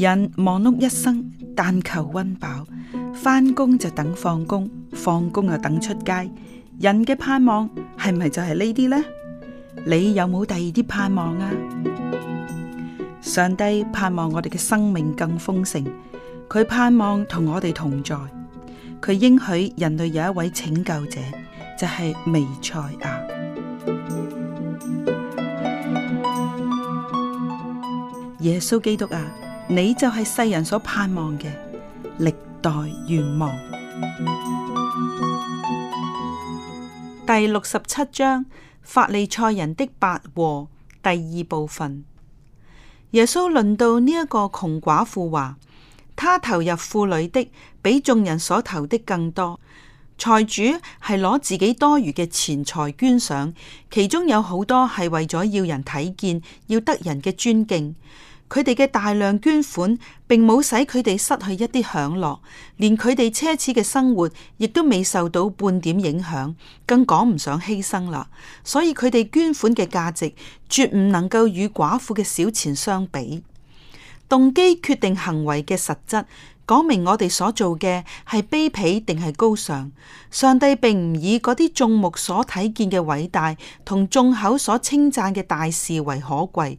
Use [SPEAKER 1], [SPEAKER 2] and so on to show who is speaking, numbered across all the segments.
[SPEAKER 1] 人忙碌一生，但求溫飽，返工就等放工，放工又等出街。人嘅盼望係咪就係呢啲呢？你有冇第二啲盼望啊？上帝盼望我哋嘅生命更豐盛，佢盼望同我哋同在，佢應許人類有一位拯救者，就係彌賽亞，耶穌基督啊！你就係世人所盼望嘅歷代願望。第六十七章法利賽人的八禍第二部分。耶穌論到呢一個窮寡婦話，他投入庫裏的比眾人所投的更多。財主係攞自己多餘嘅錢財捐上，其中有好多係為咗要人睇見，要得人嘅尊敬。佢哋嘅大量捐款，並冇使佢哋失去一啲享樂，連佢哋奢侈嘅生活亦都未受到半點影響，更講唔上犧牲啦。所以佢哋捐款嘅價值，絕唔能夠與寡婦嘅小錢相比。動機決定行為嘅實質，講明我哋所做嘅係卑鄙定係高尚。上帝並唔以嗰啲眾目所睇見嘅偉大，同眾口所稱讚嘅大事為可貴。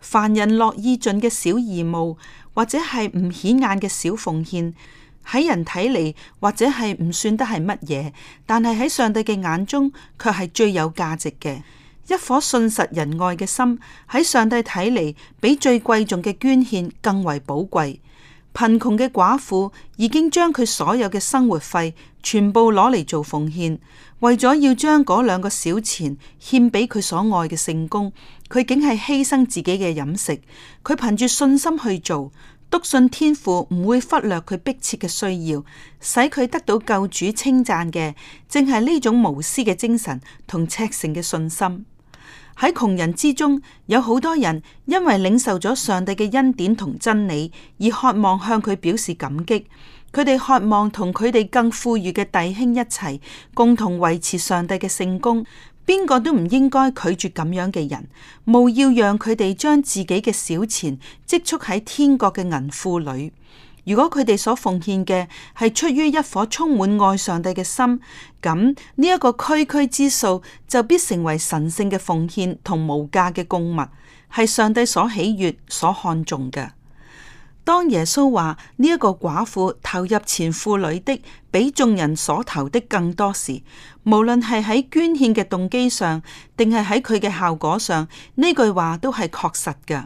[SPEAKER 1] 凡人樂意盡嘅小義務，或者係唔顯眼嘅小奉獻，喺人睇嚟，或者係唔算得係乜嘢，但係喺上帝嘅眼中卻係最有價值嘅。一顆信實仁愛嘅心，喺上帝睇嚟，比最貴重嘅捐獻更為寶貴。貧窮嘅寡婦已經將佢所有嘅生活費全部攞嚟做奉獻，為咗要將嗰兩個小錢獻俾佢所愛嘅聖工，佢竟係犧牲自己嘅飲食。佢憑住信心去做，篤信天父唔會忽略佢迫切嘅需要，使佢得到救主稱讚嘅，正係呢種無私嘅精神同赤誠嘅信心。喺窮人之中，有好多人因為領受咗上帝嘅恩典同真理，而渴望向佢表示感激。佢哋渴望同佢哋更富裕嘅弟兄一齊，共同維持上帝嘅聖工。邊個都唔應該拒絕咁樣嘅人，務要讓佢哋將自己嘅小錢積蓄喺天國嘅銀庫裏。如果佢哋所奉獻嘅係出於一顆充滿愛上帝嘅心，咁呢一個區區之數就必成為神聖嘅奉獻同無價嘅供物，係上帝所喜悅、所看重嘅。當耶穌話呢一個寡婦投入前婦女的比眾人所投的更多時，無論係喺捐獻嘅動機上，定係喺佢嘅效果上，呢句話都係確實嘅。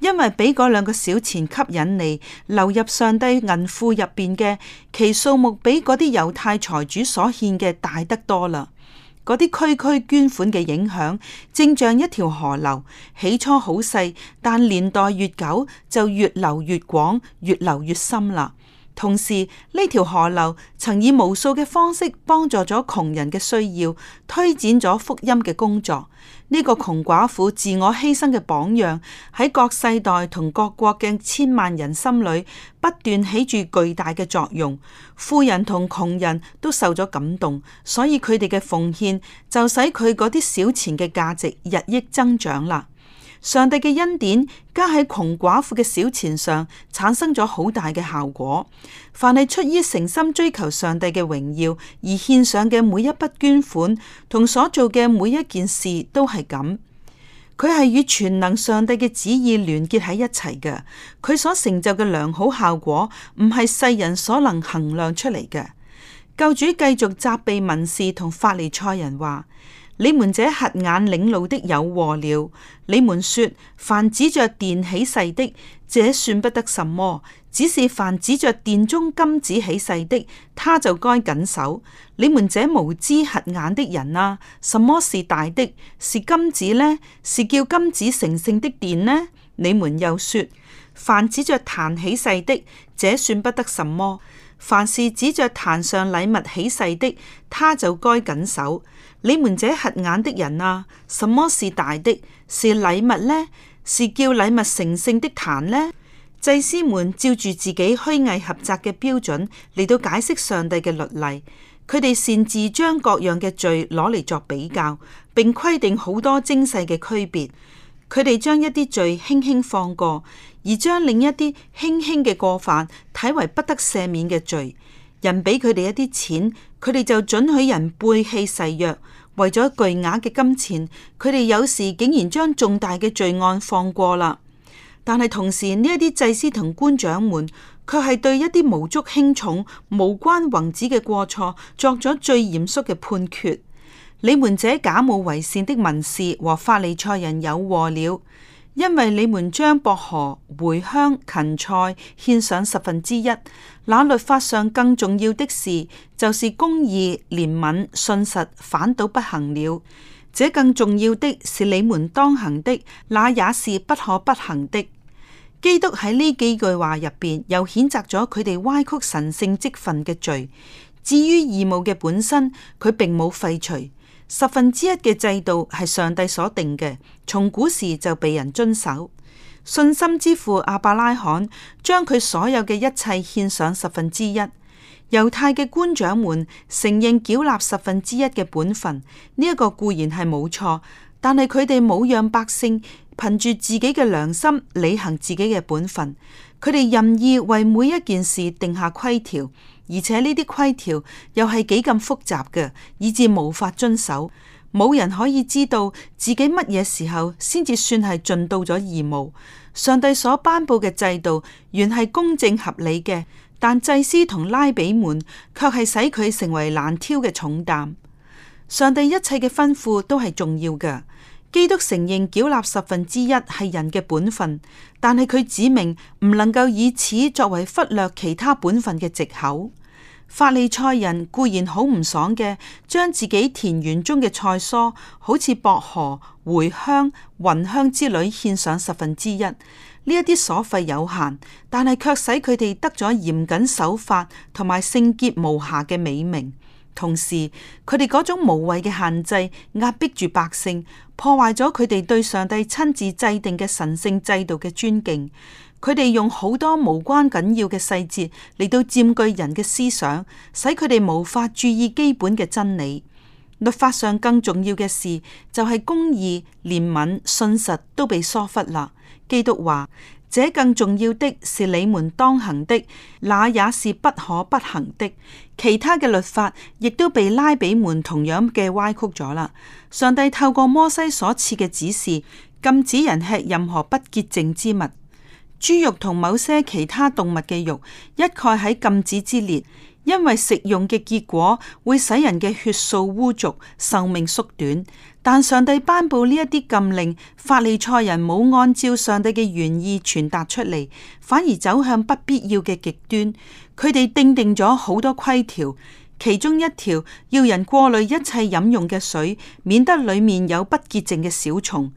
[SPEAKER 1] 因為俾嗰兩個小錢吸引嚟流入上帝銀庫入邊嘅，其數目比嗰啲猶太財主所獻嘅大得多啦。嗰啲區區捐款嘅影響，正像一條河流，起初好細，但年代越久就越流越廣、越流越深啦。同時，呢條河流曾以無數嘅方式幫助咗窮人嘅需要，推展咗福音嘅工作。呢個窮寡婦自我犧牲嘅榜樣喺各世代同各國嘅千萬人心裏不斷起住巨大嘅作用，富人同窮人都受咗感動，所以佢哋嘅奉獻就使佢嗰啲小錢嘅價值日益增長啦。上帝嘅恩典加喺窮寡婦嘅小錢上，產生咗好大嘅效果。凡係出於誠心追求上帝嘅榮耀而獻上嘅每一筆捐款同所做嘅每一件事都，都係咁。佢係與全能上帝嘅旨意聯結喺一齊嘅。佢所成就嘅良好效果，唔係世人所能衡量出嚟嘅。救主繼續責備文士同法利賽人話。你們這瞎眼領路的有禍了！你們說凡指着殿起誓的，這算不得什麼；只是凡指着殿中金子起誓的，他就該謹守。你們這無知瞎眼的人啊，什麼是大的？是金子呢？是叫金子成聖的殿呢？你們又說凡指着壇起誓的，這算不得什麼；凡是指着壇上禮物起誓的，他就該謹守。你們這瞎眼的人啊！什麼是大的？是禮物呢？是叫禮物成聖的壇呢？祭司們照住自己虛偽狹窄嘅標準嚟到解釋上帝嘅律例，佢哋擅自將各樣嘅罪攞嚟作比較，並規定好多精細嘅區別。佢哋將一啲罪輕輕放過，而將另一啲輕輕嘅過犯睇為不得赦免嘅罪。人畀佢哋一啲錢，佢哋就准許人背棄誓約，為咗巨額嘅金錢，佢哋有時竟然將重大嘅罪案放過啦。但係同時呢一啲祭司同官長們，卻係對一啲無足輕重、無關宏旨嘅過錯，作咗最嚴肅嘅判決。你們這假冒為善的文士和法利賽人有禍了，因為你們將薄荷、茴香、芹菜獻上十分之一。那律法上更重要的事，就是公義、憐憫、信實，反倒不行了。這更重要的是你們當行的，那也是不可不行的。基督喺呢幾句話入邊，又譴責咗佢哋歪曲神聖職分嘅罪。至於義務嘅本身，佢並冇廢除。十分之一嘅制度係上帝所定嘅，從古時就被人遵守。信心之父亞伯拉罕將佢所有嘅一切獻上十分之一。猶太嘅官長們承認繳納十分之一嘅本分，呢一個固然係冇錯，但係佢哋冇讓百姓憑住自己嘅良心履行自己嘅本分，佢哋任意為每一件事定下規條。而且呢啲規條又係幾咁複雜嘅，以至無法遵守。冇人可以知道自己乜嘢時候先至算係盡到咗義務。上帝所頒布嘅制度原係公正合理嘅，但祭司同拉比們卻係使佢成為難挑嘅重擔。上帝一切嘅吩咐都係重要嘅。基督承認繳納十分之一係人嘅本分，但係佢指明唔能夠以此作為忽略其他本分嘅借口。法利賽人固然好唔爽嘅，將自己田園中嘅菜蔬，好似薄荷、茴香、芸香之類，獻上十分之一。呢一啲所費有限，但係卻使佢哋得咗嚴謹守法同埋聖潔無瑕嘅美名。同時，佢哋嗰種無謂嘅限制，壓迫住百姓，破壞咗佢哋對上帝親自制定嘅神聖制度嘅尊敬。佢哋用好多無關緊要嘅細節嚟到佔據人嘅思想，使佢哋無法注意基本嘅真理。律法上更重要嘅事，就係公義、憐憫、信實都被疏忽啦。基督話。這更重要的是你們當行的，那也是不可不行的。其他嘅律法亦都被拉比們同樣嘅歪曲咗啦。上帝透過摩西所賜嘅指示，禁止人吃任何不潔淨之物，豬肉同某些其他動物嘅肉，一概喺禁止之列。因為食用嘅結果會使人嘅血素污濁，壽命縮短。但上帝頒佈呢一啲禁令，法利賽人冇按照上帝嘅原意傳達出嚟，反而走向不必要嘅極端。佢哋訂定咗好多規條，其中一條要人過濾一切飲用嘅水，免得裏面有不潔淨嘅小蟲。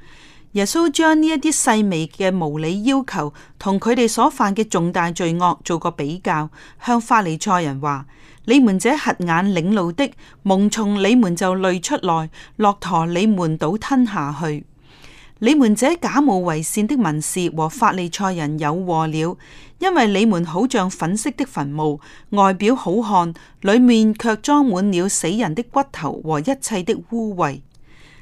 [SPEAKER 1] 耶穌將呢一啲細微嘅無理要求同佢哋所犯嘅重大罪惡做個比較，向法利賽人話：你們這瞎眼領路的，蠓蟲你們就濾出來；駱駝你們倒吞下去。你們這假冒為善的文士和法利賽人有禍了，因為你們好像粉飾的墳墓，外表好看，裏面卻裝滿了死人的骨頭和一切的污穢。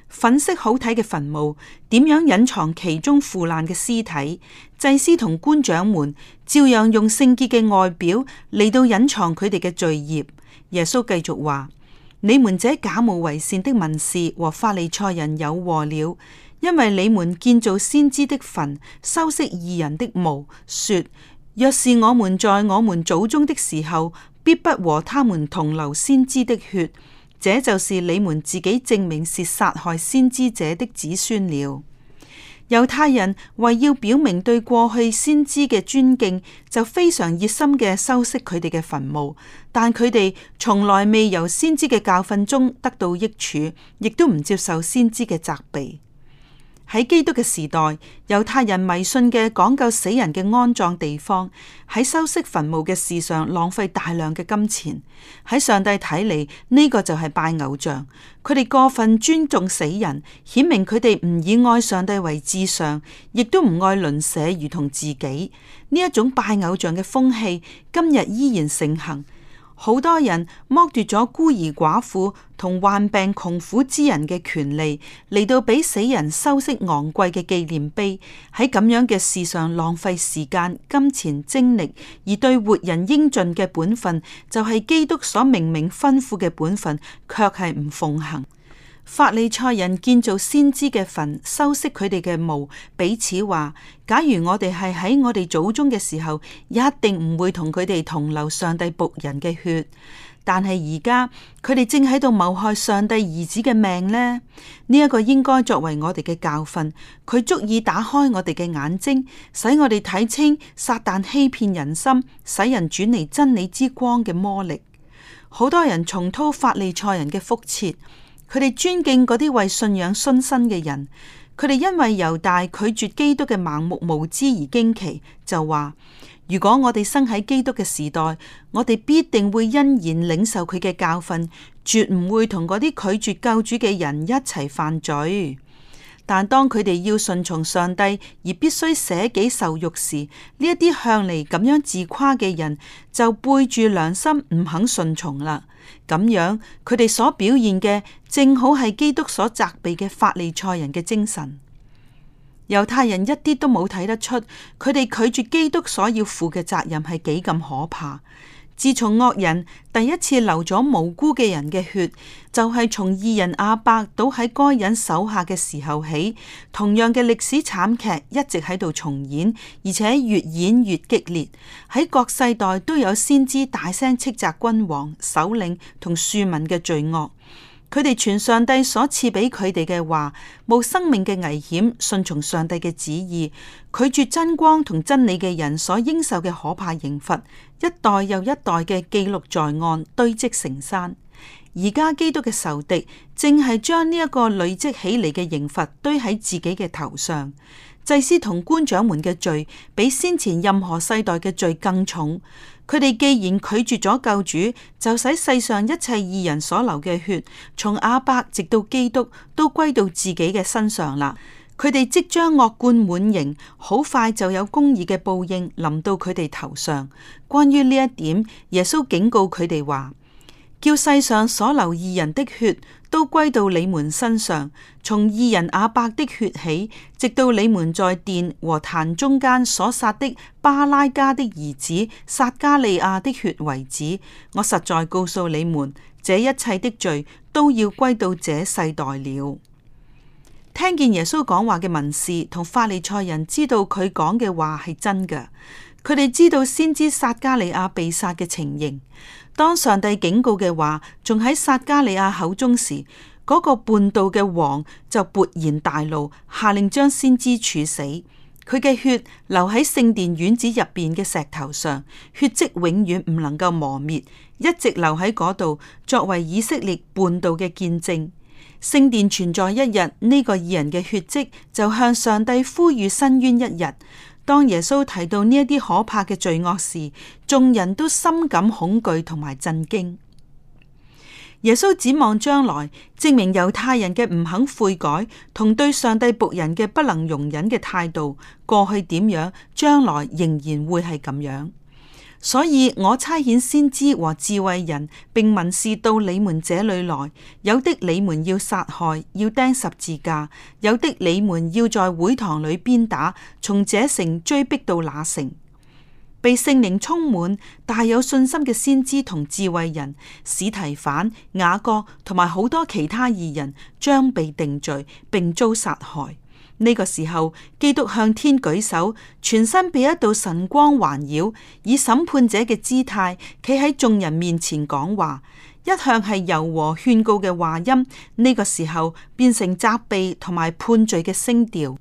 [SPEAKER 1] 粉色好睇嘅墳墓，點樣隱藏其中腐爛嘅屍體？祭司同官長們照樣用聖潔嘅外表嚟到隱藏佢哋嘅罪孽，耶穌繼續話：你們這假冒為善的文士和法利賽人有禍了，因為你們建造先知的墳，修飾義人的墓，說：若是我們在我們祖宗的時候，必不和他們同流先知的血。這就是你們自己證明是殺害先知者的子孫了。猶太人為要表明對過去先知嘅尊敬，就非常熱心嘅修飾佢哋嘅墳墓，但佢哋從來未由先知嘅教訓中得到益處，亦都唔接受先知嘅責備。喺基督嘅時代，猶太人迷信嘅講究死人嘅安葬地方，喺修飾墳墓嘅事上浪費大量嘅金錢。喺上帝睇嚟，呢個就係拜偶像。佢哋過分尊重死人，顯明佢哋唔以愛上帝為至上，亦都唔愛鄰舍如同自己。呢一種拜偶像嘅風氣，今日依然盛行。好多人剝奪咗孤兒寡婦同患病窮苦之人嘅權利，嚟到俾死人修飾昂貴嘅紀念碑，喺咁樣嘅事上浪費時間、金錢、精力，而對活人應盡嘅本分，就係基督所明明吩咐嘅本分，卻係唔奉行。法利賽人建造先知嘅墳，修飾佢哋嘅墓，彼此話：假如我哋係喺我哋祖宗嘅時候，一定唔會同佢哋同流上帝僕人嘅血。但係而家佢哋正喺度謀害上帝兒子嘅命呢？呢一個應該作為我哋嘅教訓，佢足以打開我哋嘅眼睛，使我哋睇清撒旦欺騙人心，使人轉離真理之光嘅魔力。好多人重蹈法利賽人嘅覆轍。佢哋尊敬嗰啲為信仰殉身嘅人，佢哋因為猶大拒絕基督嘅盲目無知而驚奇，就話：如果我哋生喺基督嘅時代，我哋必定會欣然領受佢嘅教訓，絕唔會同嗰啲拒絕救主嘅人一齊犯罪。但當佢哋要順從上帝而必須捨己受辱時，呢一啲向嚟咁樣自誇嘅人就背住良心唔肯順從啦。咁樣，佢哋所表現嘅，正好係基督所責備嘅法利賽人嘅精神。猶太人一啲都冇睇得出，佢哋拒絕基督所要負嘅責任係幾咁可怕。自從惡人第一次流咗無辜嘅人嘅血，就係、是、從義人亞伯倒喺該人手下嘅時候起，同樣嘅歷史慘劇一直喺度重演，而且越演越激烈。喺各世代都有先知大聲斥責君王、首領同庶民嘅罪惡。佢哋傳上帝所賜俾佢哋嘅話，冒生命嘅危險，順從上帝嘅旨意，拒絕真光同真理嘅人所應受嘅可怕刑罰，一代又一代嘅記錄在案，堆積成山。而家基督嘅仇敵正係將呢一個累積起嚟嘅刑罰堆喺自己嘅頭上。祭司同官長們嘅罪，比先前任何世代嘅罪更重。佢哋既然拒絕咗救主，就使世上一切義人所流嘅血，從亞伯直到基督，都歸到自己嘅身上啦。佢哋即將惡貫滿盈，好快就有公義嘅報應臨到佢哋頭上。關於呢一點，耶穌警告佢哋話。叫世上所流義人的血都歸到你們身上，從義人亞伯的血起，直到你們在殿和壇中間所殺的巴拉加的兒子撒迦利亞的血為止。我實在告訴你們，這一切的罪都要歸到這世代了。聽見耶穌講話嘅文士同法利賽人知道佢講嘅話係真嘅。佢哋知道先知撒加利亞被殺嘅情形，當上帝警告嘅話仲喺撒加利亞口中時，嗰、那個叛道嘅王就勃然大怒，下令將先知處死。佢嘅血流喺聖殿院子入邊嘅石頭上，血跡永遠唔能夠磨滅，一直留喺嗰度，作為以色列叛道嘅見證。聖殿存在一日，呢、這個二人嘅血跡就向上帝呼籲伸冤一日。當耶穌提到呢一啲可怕嘅罪惡時，眾人都深感恐懼同埋震驚。耶穌展望將來，證明猶太人嘅唔肯悔改同對上帝僕人嘅不能容忍嘅態度，過去點樣，將來仍然會係咁樣。所以我差遣先知和智慧人，並文士到你們這裏來。有的你們要殺害，要釘十字架；有的你們要在會堂裏鞭打，從這城追逼到那城。被聖靈充滿、大有信心嘅先知同智慧人，史提反、雅各同埋好多其他義人，將被定罪，並遭殺害。呢個時候，基督向天舉手，全身被一道神光環繞，以審判者嘅姿態企喺眾人面前講話。一向係柔和勸告嘅話音，呢個時候變成責備同埋判罪嘅聲調，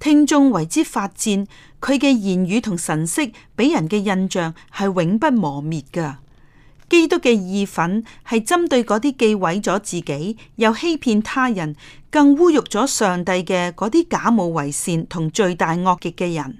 [SPEAKER 1] 聽眾為之發戰。佢嘅言語同神色俾人嘅印象係永不磨滅噶。基督嘅義憤係針對嗰啲既毀咗自己，又欺騙他人，更污辱咗上帝嘅嗰啲假冒為善同罪大惡極嘅人。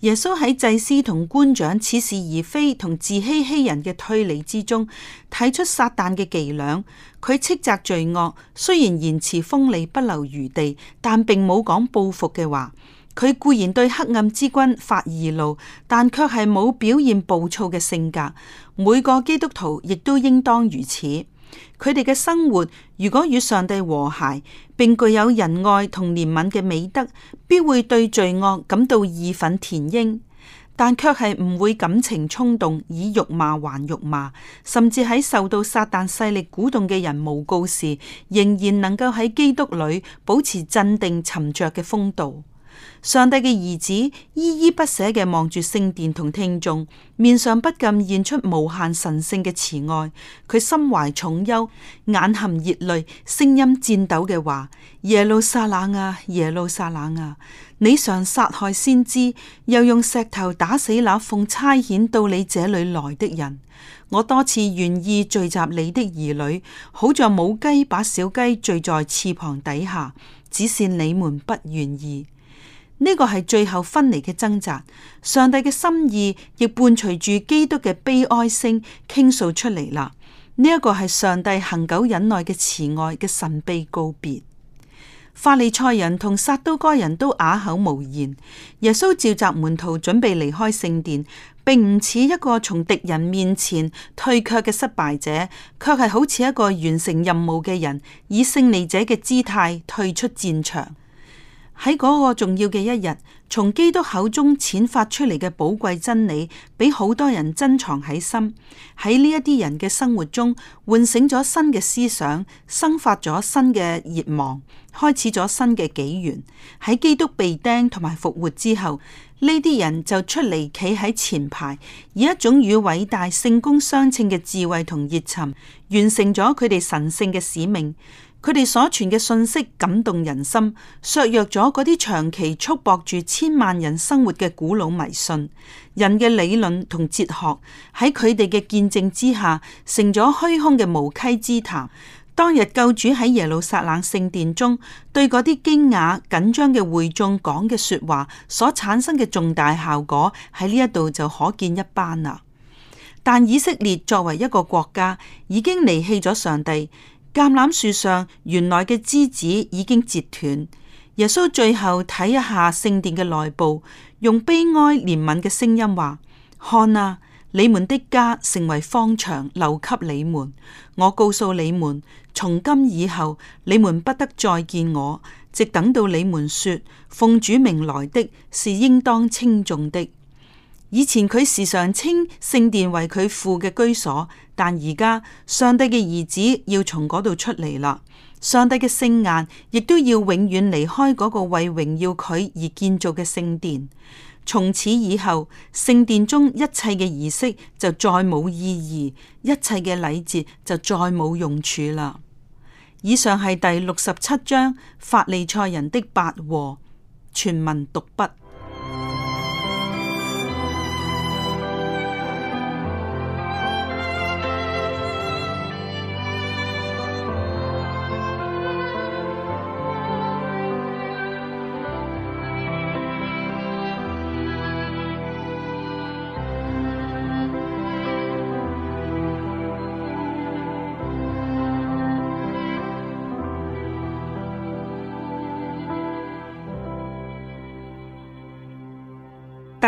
[SPEAKER 1] 耶穌喺祭司同官長似是而非同自欺欺人嘅推理之中，睇出撒旦嘅伎倆。佢斥責罪惡，雖然言辭鋒利不留餘地，但並冇講報復嘅話。佢固然對黑暗之君發義怒，但卻係冇表現暴躁嘅性格。每個基督徒亦都應當如此。佢哋嘅生活如果與上帝和諧，並具有仁愛同憐憫嘅美德，必會對罪惡感到義憤填膺，但卻係唔會感情衝動以辱罵還辱罵，甚至喺受到撒旦勢力鼓動嘅人誣告時，仍然能夠喺基督裏保持鎮定沉着嘅風度。上帝嘅兒子依依不捨嘅望住聖殿同聽眾，面上不禁現出無限神聖嘅慈愛。佢心懷重憂，眼含熱淚，聲音顫抖嘅話：耶路撒冷啊，耶路撒冷啊，你常殺害先知，又用石頭打死那奉差遣到你這裏來的人。我多次願意聚集你的兒女，好像母雞把小雞聚在翅膀底下，只是你們不願意。呢個係最後分離嘅掙扎，上帝嘅心意亦伴隨住基督嘅悲哀聲傾訴出嚟啦。呢一個係上帝恆久忍耐嘅慈愛嘅神秘告別。法利賽人同撒都該人都啞口無言。耶穌召集門徒準備離開聖殿，並唔似一個從敵人面前退卻嘅失敗者，卻係好似一個完成任務嘅人，以勝利者嘅姿態退出戰場。喺嗰個重要嘅一日，從基督口中闡發出嚟嘅寶貴真理，俾好多人珍藏喺心。喺呢一啲人嘅生活中，喚醒咗新嘅思想，生發咗新嘅熱望，開始咗新嘅紀元。喺基督被釘同埋復活之後，呢啲人就出嚟企喺前排，以一種與偉大聖工相稱嘅智慧同熱忱，完成咗佢哋神聖嘅使命。佢哋所傳嘅信息感動人心，削弱咗嗰啲長期束縛住千萬人生活嘅古老迷信。人嘅理論同哲學喺佢哋嘅見證之下，成咗虛空嘅無稽之談。當日救主喺耶路撒冷聖殿中對嗰啲驚訝緊張嘅會眾講嘅說話，所產生嘅重大效果喺呢一度就可見一斑啦。但以色列作為一個國家，已經離棄咗上帝。橄欖樹上原來嘅枝子已經折斷。耶穌最後睇一下聖殿嘅內部，用悲哀憐憫嘅聲音話：「看啊，你們的家成為荒場，留給你們。我告訴你們，從今以後，你們不得再見我，直等到你們說奉主名來的是應當稱頌的。以前佢時常稱聖殿為佢父嘅居所，但而家上帝嘅兒子要從嗰度出嚟啦，上帝嘅聖眼亦都要永遠離開嗰個為榮耀佢而建造嘅聖殿。從此以後，聖殿中一切嘅儀式就再冇意義，一切嘅禮節就再冇用處啦。以上係第六十七章法利賽人的八禍。全文讀畢。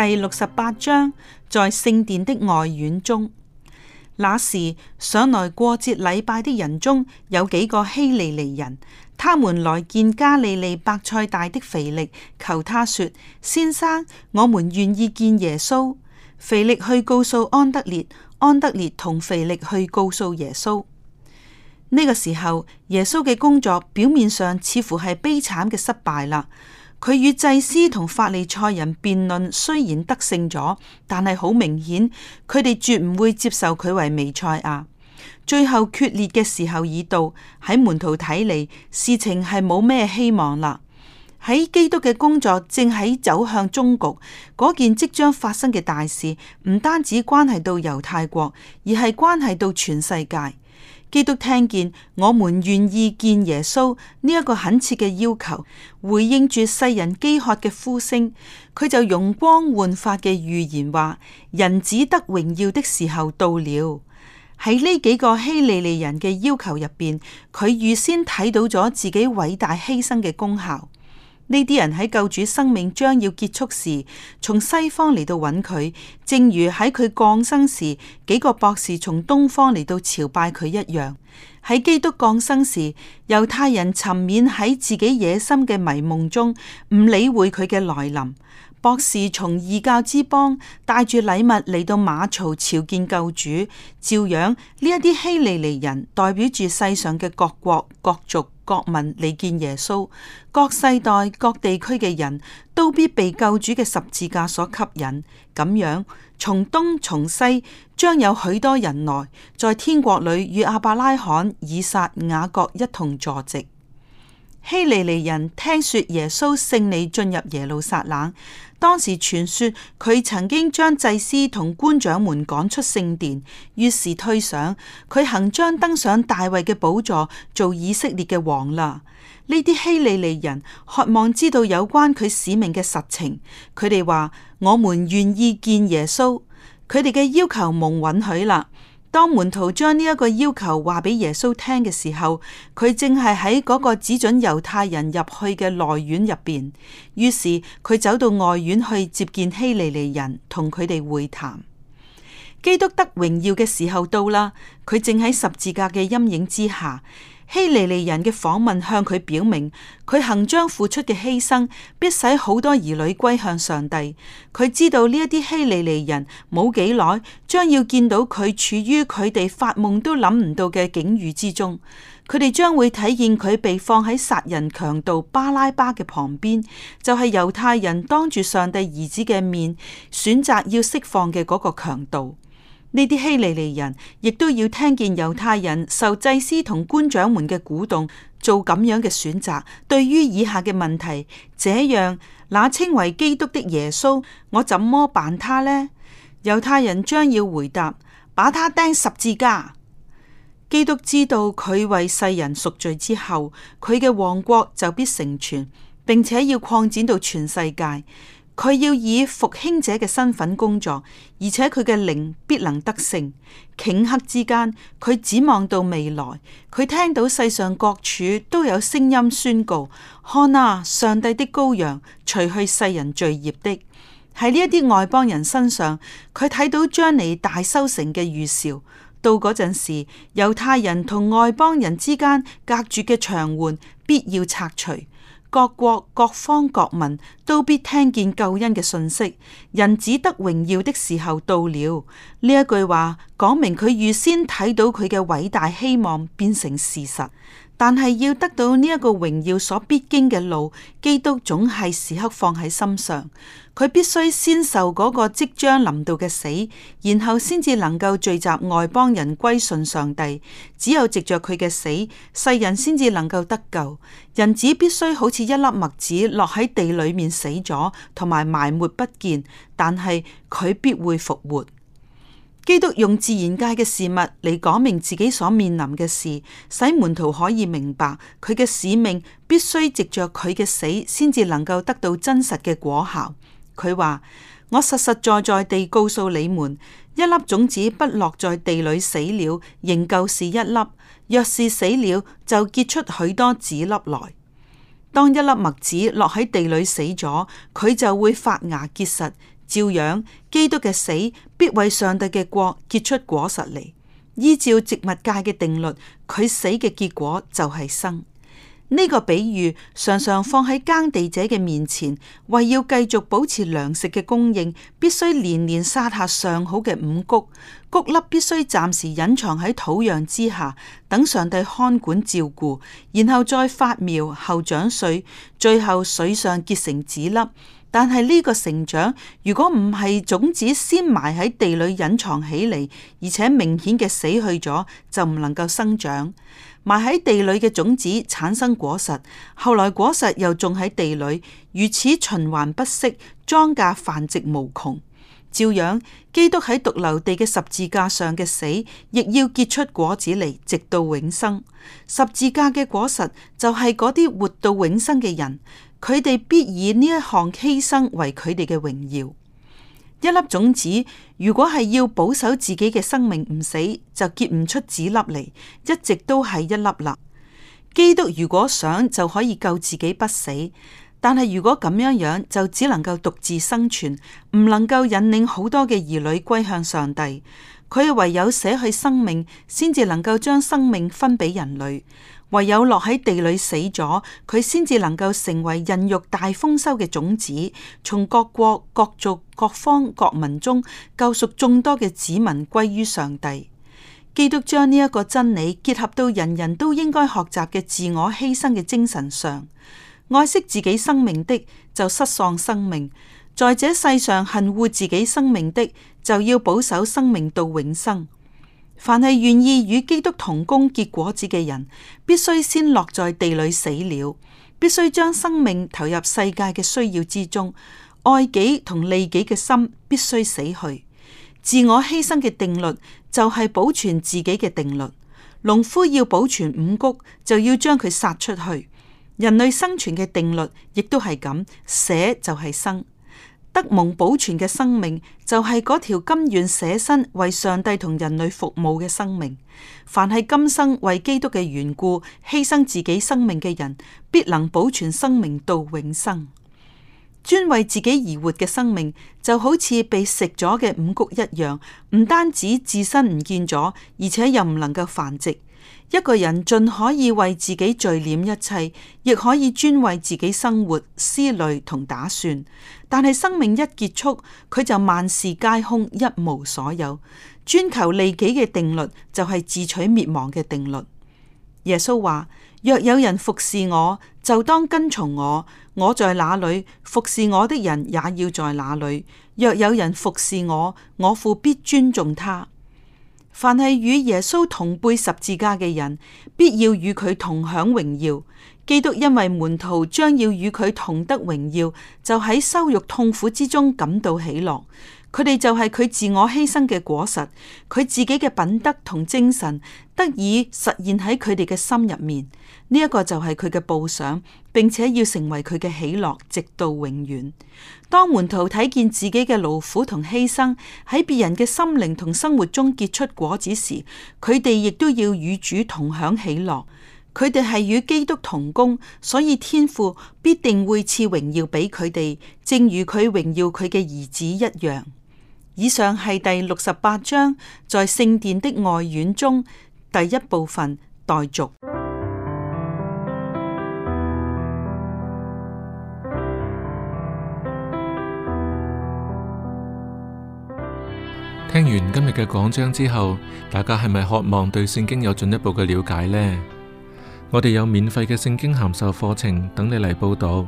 [SPEAKER 1] 第六十八章，在聖殿的外院中，那時上來過節禮拜的人中有幾個希利尼人，他們來見加利利伯賽大的腓力，求他說：先生，我們願意見耶穌。腓力去告訴安德烈，安德烈同腓力去告訴耶穌。呢、這個時候，耶穌嘅工作表面上似乎係悲慘嘅失敗啦。佢與祭司同法利賽人辯論，雖然得勝咗，但係好明顯，佢哋絕唔會接受佢為彌賽亞。最後決裂嘅時候已到，喺門徒睇嚟，事情係冇咩希望啦。喺基督嘅工作正喺走向終局，嗰件即將發生嘅大事，唔單止關係到猶太國，而係關係到全世界。基督聽見我們願意見耶穌呢一個懇切嘅要求，回應住世人飢渴嘅呼聲，佢就容光煥發嘅預言話：人子得榮耀的時候到了。喺呢幾個希利利人嘅要求入邊，佢預先睇到咗自己偉大犧牲嘅功效。呢啲人喺救主生命將要結束時，從西方嚟到搵佢，正如喺佢降生時，幾個博士從東方嚟到朝拜佢一樣。喺基督降生時，猶太人沉湎喺自己野心嘅迷夢中，唔理會佢嘅來臨。博士從異教之邦帶住禮物嚟到馬槽朝見救主，照樣呢一啲希利尼人代表住世上嘅各國、各族、各民嚟見耶穌，各世代、各地區嘅人都必被救主嘅十字架所吸引，咁樣從東從西將有許多人來，在天國裏與亞伯拉罕、以撒、雅各一同坐席。希利利人聽說耶穌勝利進入耶路撒冷，當時傳說佢曾經將祭司同官長們趕出聖殿，於是推想佢行將登上大衛嘅寶座做以色列嘅王啦。呢啲希利利人渴望知道有關佢使命嘅實情，佢哋話：我們願意見耶穌。佢哋嘅要求蒙允許啦。當門徒將呢一個要求話俾耶穌聽嘅時候，佢正係喺嗰個只准猶太人入去嘅內院入邊，於是佢走到外院去接見希利尼人，同佢哋會談。基督得榮耀嘅時候到啦，佢正喺十字架嘅陰影之下。希利利人嘅訪問向佢表明，佢行將付出嘅犧牲，必使好多兒女歸向上帝。佢知道呢一啲希利利人冇幾耐，將要見到佢處於佢哋發夢都諗唔到嘅境遇之中。佢哋將會體現佢被放喺殺人強盜巴拉巴嘅旁邊，就係猶太人當住上帝兒子嘅面，選擇要釋放嘅嗰個強盜。呢啲希利利人亦都要聽見猶太人受祭司同官長們嘅鼓動，做咁樣嘅選擇。對於以下嘅問題，這樣，那稱為基督的耶穌，我怎麼辦他呢？猶太人將要回答：把他釘十字架。基督知道佢為世人贖罪之後，佢嘅王國就必成全，並且要擴展到全世界。佢要以復興者嘅身份工作，而且佢嘅靈必能得勝。頃刻之間，佢展望到未來，佢聽到世上各處都有聲音宣告：看啊，上帝的羔羊，除去世人罪孽的。喺呢一啲外邦人身上，佢睇到將嚟大收成嘅預兆。到嗰陣時，猶太人同外邦人之間隔住嘅牆垣必要拆除。各國各方各民都必聽見救恩嘅信息，人子得榮耀的時候到了。呢一句話講明佢預先睇到佢嘅偉大希望變成事實。但係要得到呢一個榮耀所必經嘅路，基督總係時刻放喺心上。佢必須先受嗰個即將臨到嘅死，然後先至能夠聚集外邦人歸順上帝。只有藉着佢嘅死，世人先至能夠得救。人子必須好似一粒麥子落喺地裏面死咗，同埋埋沒不見，但係佢必會復活。基督用自然界嘅事物嚟講明自己所面臨嘅事，使門徒可以明白佢嘅使命必須藉着佢嘅死，先至能夠得到真實嘅果效。佢話：我實實在在地告訴你們，一粒種子不落在地裏死了，仍舊是一粒；若是死了，就結出許多子粒來。當一粒麥子落喺地裏死咗，佢就會發芽結實。照樣，基督嘅死必為上帝嘅國結出果實嚟。依照植物界嘅定律，佢死嘅結果就係生。呢個比喻常常放喺耕地者嘅面前，為要繼續保持糧食嘅供應，必須年年撒下上好嘅五穀，穀粒必須暫時隱藏喺土壤之下，等上帝看管照顧，然後再發苗、後長穗，最後穗上結成籽粒。但係呢個成長，如果唔係種子先埋喺地裏隱藏起嚟，而且明顯嘅死去咗，就唔能夠生長。埋喺地裏嘅種子產生果實，後來果實又種喺地裏，如此循環不息，莊稼繁殖無窮。照樣，基督喺髑髏地嘅十字架上嘅死，亦要結出果子嚟，直到永生。十字架嘅果實就係嗰啲活到永生嘅人。佢哋必以呢一項犧牲為佢哋嘅榮耀。一粒種子如果係要保守自己嘅生命唔死，就結唔出子粒嚟，一直都係一粒粒。基督如果想就可以救自己不死，但係如果咁樣樣就只能夠獨自生存，唔能夠引領好多嘅兒女歸向上帝。佢唯有捨去生命，先至能夠將生命分俾人類。唯有落喺地裏死咗，佢先至能夠成為孕育大豐收嘅種子，從各國各族各方各民中救贖眾多嘅子民歸於上帝。基督將呢一個真理結合到人人都應該學習嘅自我犧牲嘅精神上，愛惜自己生命的就失喪生命，在這世上恨惡自己生命的就要保守生命到永生。凡係願意與基督同工結果子嘅人，必須先落在地裏死了；必須將生命投入世界嘅需要之中，愛己同利己嘅心必須死去。自我犧牲嘅定律就係保存自己嘅定律。農夫要保存五谷，就要將佢撒出去。人類生存嘅定律亦都係咁，捨就係生。得蒙保存嘅生命，就係嗰條甘願捨身為上帝同人類服務嘅生命。凡係今生為基督嘅緣故犧牲自己生命嘅人，必能保存生命到永生。專為自己而活嘅生命，就好似被食咗嘅五穀一樣，唔單止自身唔見咗，而且又唔能夠繁殖。一個人盡可以為自己聚斂一切，亦可以專為自己生活思慮同打算，但係生命一結束，佢就萬事皆空，一無所有。專求利己嘅定律就係自取滅亡嘅定律。耶穌話：若有人服侍我，就當跟從我；我在哪裏，服侍我的人也要在哪裏。若有人服侍我，我父必尊重他。凡係與耶穌同背十字架嘅人，必要與佢同享榮耀。基督因為門徒將要與佢同得榮耀，就喺羞辱痛苦之中感到喜樂。佢哋就係佢自我犧牲嘅果實，佢自己嘅品德同精神得以實現喺佢哋嘅心入面。呢一個就係佢嘅報賞，並且要成為佢嘅喜樂，直到永遠。當門徒睇見自己嘅勞苦同犧牲喺別人嘅心靈同生活中結出果子時，佢哋亦都要與主同享喜樂。佢哋係與基督同工，所以天父必定會賜榮耀俾佢哋，正如佢榮耀佢嘅兒子一樣。以上係第六十八章，在聖殿的外院中第一部分待續。聽完今日嘅講章之後，大家係咪渴望對聖經有進一步嘅了解呢？我哋有免費嘅聖經函授課程等你嚟報讀。